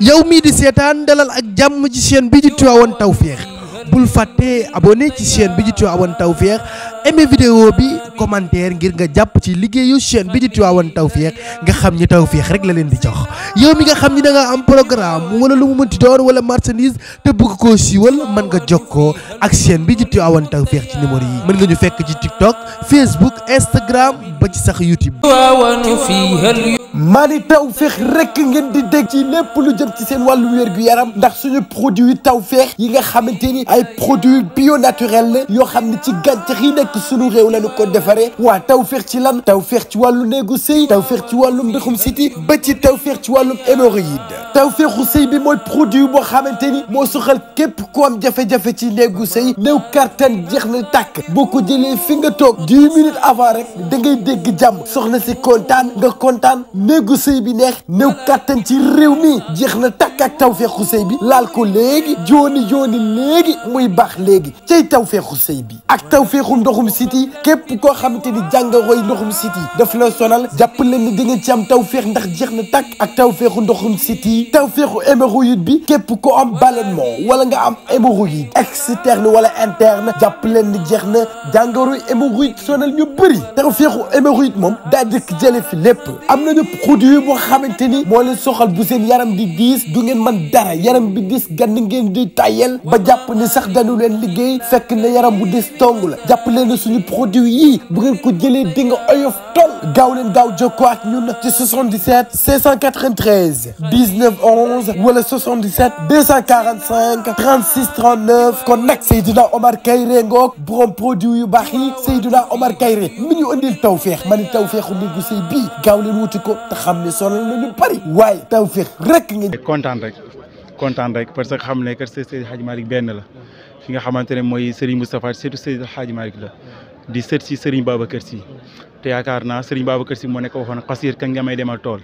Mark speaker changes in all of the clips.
Speaker 1: yow mii di seetaan dalal ak jàmm ci chaîne bi di Tivaouane Tawfekh bul fàtte abonné ci chaîne bi di Tivaouane Tawfekh aimé vidéo bi commentaire ngir nga jàpp ci liggéeyu chaîne bi di Tivaouane Tawfekh nga xam ni Tawfekh rek la leen di jox yow mi nga xam ni da nga am programme wala lu mu mënti doon wala marchandise te bëgg koo siiwal mën nga jokkoo ak chaîne bi di Tivaouane
Speaker 2: Tawfekh ci numéro yi mën nga ñu fekk ci TikTok Facebook Instagram ba ci sax YouTube. maa ni Tawfekh rek ngeen di dégg ci lépp lu jëm ci seen wàllu wérgu yaram ndax suñu produit Tawfekh yi nga xamante ni ay produit bio naturel la yoo xam gàncax yi nekk lépp sunu réew lañu ko defaree wa tawfeex ci lan tawfeex ci walu néegu sëy tawfeex ci wàllu mbixum siti ba ci tawfeex ci wàllum hémorroïde tawfeexu sëy bi moy produit bo xamanteni mo moo soxal képp ko am jafé jafé ci néegu sëy néew carton jeex na tàkk boo ko fi nga tok 10 minutes avant rek da ngay dégg jàmm soxna ci kontaan nga kontaan néegu sëy bi neex néew carton ci rew mi jeex na tàkk ak tawfeexu sëy bi lal ko légui joni joni légui muy bax légui cay tawfeexu sëy bi ak tawfeexu ndoxu ndoxum City. Kep ko xamante ni jàngoroy ndoxum siti daf la sonal japp len ni di ci am taw ndax jeexna tak ak taw féexu ndoxum siti taw féexu bi kep ko am ballonnement wala nga am hémorroïde externe wala interne japp len ni jeexna na jàngoroy hémorroïde sonal ñu bëri taw féexu mom da daa dëkk jële fi lepp. am nañu produit bo xamante ni moo leen soxal bu seen yaram di diis du ngeen man dara yaram bi diis gann ngeen di tayel ba japp ni sax dañu len liggéey fekk na yaram bu diis tong la jàpp leen les suñu produit yii bu ngeen ko jëlee di nga oyof tol 77 593 19 11 wala 77 245 36 39 kon dina Omar Kayre produit yu baax yi Omar Kayre ñu andil tawfiix ma bii
Speaker 3: wuti ko te xam sonal na ñu waaye tawfiix rek nga. rek rek parce que xam ne la. fi nga xamante ne mooy Serigne Moustapha surtout Serigne Hadji Malick la di sët si baaba Babacar Sy te yaakaar naa Serigne kër si moo nekk waxoon xasir kañ nga may demal tool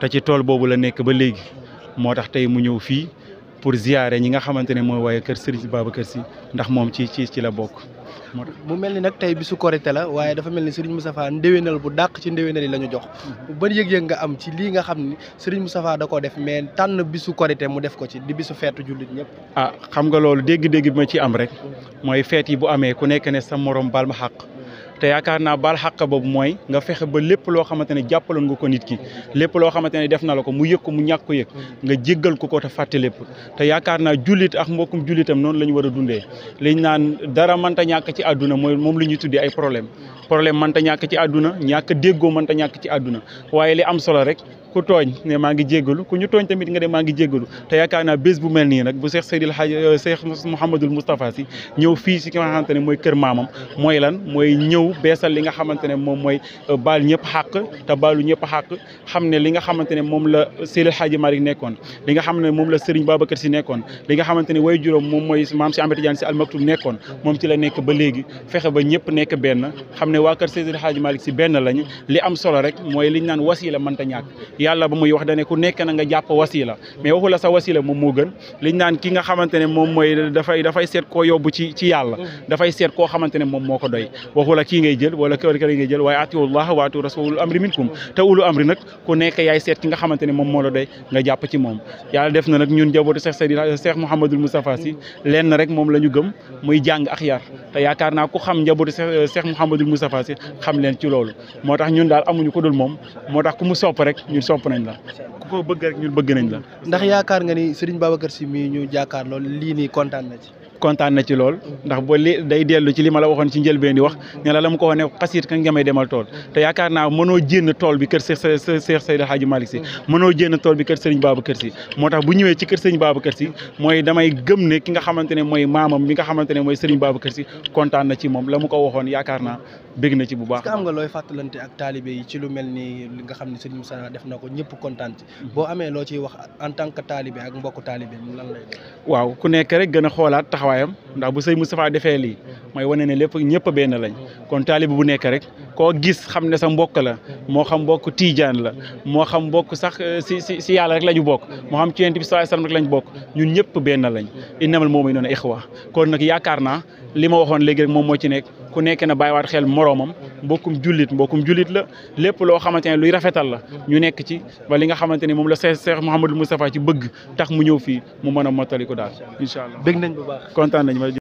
Speaker 3: te ci tool boobu la nekk ba léegi moo tax tey mu ñëw fii pour ziyaare ñi nga xamante ne mooy waaye kër Serigne Babacar Sy ndax moom ci ci ci la bokk
Speaker 1: moo tax mu mel ni nag tey bisu korité la waaye dafa mel ni Serigne Moustapha ndéwénal bu dàq ci ndéwénal yi la ñu jox mhm. ban yëg-yëg nga am ci lii nga xam ni Serigne Moustapha da koo def mais tànn bisu korité mu def ko
Speaker 3: ci di bisu feetu jullit ñëpp a ah, xam nga loolu dégg-dégg bi ma ci am rek mooy feet yi bu amee ku nekk ne sa morom baal ma xàq te yaakaar naa baal xàq boobu mooy nga fexe ba lépp loo xamante ne jàppaloon nga ko nit ki lépp loo xamante ne def na la ko mu yëg ko mu ñàkk ko yëg nga jéggal ko ko te te yaakaar naa jullit ak mbokkum jullitam noonu la war a dundee ñàkk ci àdduna mooy moom la ñuy tuddee ay problème problème mënta ñàkk ci àdduna ñàkk déggoo mënta ñàkk ci àdduna waaye li am solo rek ku tooñ ne maa ngi jéggalu ku ñu tooñ tamit nga ne ngi jéggalu te yaakaar naa bés bu mel nii nag bu Cheikh Seydil Hadj euh, Cheikh Mouhamadul Moustapha si ñëw fii si ki nga ne mooy kër maamam mooy lan mooy ñëw beesal li nga xamante ne moom mooy euh, baal ñëpp xàq te baalu ñëpp xàq xam ne li nga xamante ne moom la Seydil Hadj Malick nekkoon li nga xam ne moom la Serigne Babacar si nekkoon li nga xamante ne way juróom moom mooy maam si Ahmed Tidiane si almaktoum moom ci la nekk ba léegi fexe ba ñëpp nekk benn xam ne waa kër Seydil Hadj Malick si benn lañu li am solo rek mooy liñ naan wasila manta ñàkk yàlla ba muy wax dane ku nekk na nga jàpp wasila mais waxu la sa wasila moom moo gën liñ naan ki nga xamante moom mooy dafay seet koo yóbbu ci yàlla dafay seet koo xamante moom moo ko doy waxu la ngay jël wala kër nga la doy nga jàpp ci moom yàlla def na nag ñun njabootu Cheikh Seydina Cheikh Mouhamadul Moustapha Sy lenn rek moom la ñu gëm muy jàng ak yar te yaakaar naa ku xam njabootu Cheikh Mouhamadul Moustapha Sy xam leen ci loolu moo tax ñun daal amuñu ko moom sopp nañ la ku ko bëgg rek ñun bëgg nañ la. ndax yaakaar nga ni Serigne
Speaker 1: Babacar si mii ñu jàkkaarloo lii nii kontaan na
Speaker 3: ci. kontaan na ci lool ndax boo li day dellu ci li ma la waxoon ci njëlbeen di wax ne la la wax ne xasiit kan nga may demal tool te yaakaar naa mënoo jénn tool bi kër Seex Seydi Hadji Sëriñ Babacar kër Si mooy damay gëm ne ki nga xamante ne mooy maamam mi nga xamante ne mooy Sëriñ Babacar Si kontaan na ci moom la mu ko waxoon yaakaar naa bégg na ci bu baax. am
Speaker 1: nga looy fàttalante ak taalibe yi ci lu mel ni li nga xam ne Sëriñ Moussa def na ko ñëpp kontaan ci hmm. boo amee loo ciy wax en tant que taalibe ak mbokk taalibe lan
Speaker 3: lay taxawaayam ndax bu sëñ Moustapha defee lii mooy wane ne lépp ñëpp benn lañ kon taalibe bu nekk rek koo gis xam ne sa mbokk la moo xam mbokk tiijaan la moo xam mbokk sax euh, si si si yàlla rek la ñu bokk moo xam ci yonent bi sallallahu alayhi wasallam rek lañ bokk ñun ñëpp benn lañ innamal a ixwa kon nag yaakaar naa li ma waxoon léegi rek moom moo ci nekk ku nekk na bàyyiwaat xel moroomam mbokkum jullit mbokkum jullit la lépp loo xamante ne luy rafetal la ñu nekk ci ba li nga xamante ni moom la Seex Seex Mouhamadul ci bëgg tax mu ñëw fii mu mën a mottali daal incha allah.